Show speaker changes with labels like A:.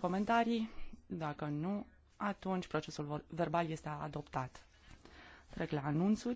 A: Comentarii? Dacă nu, atunci procesul verbal este adoptat. Trec la anunțuri.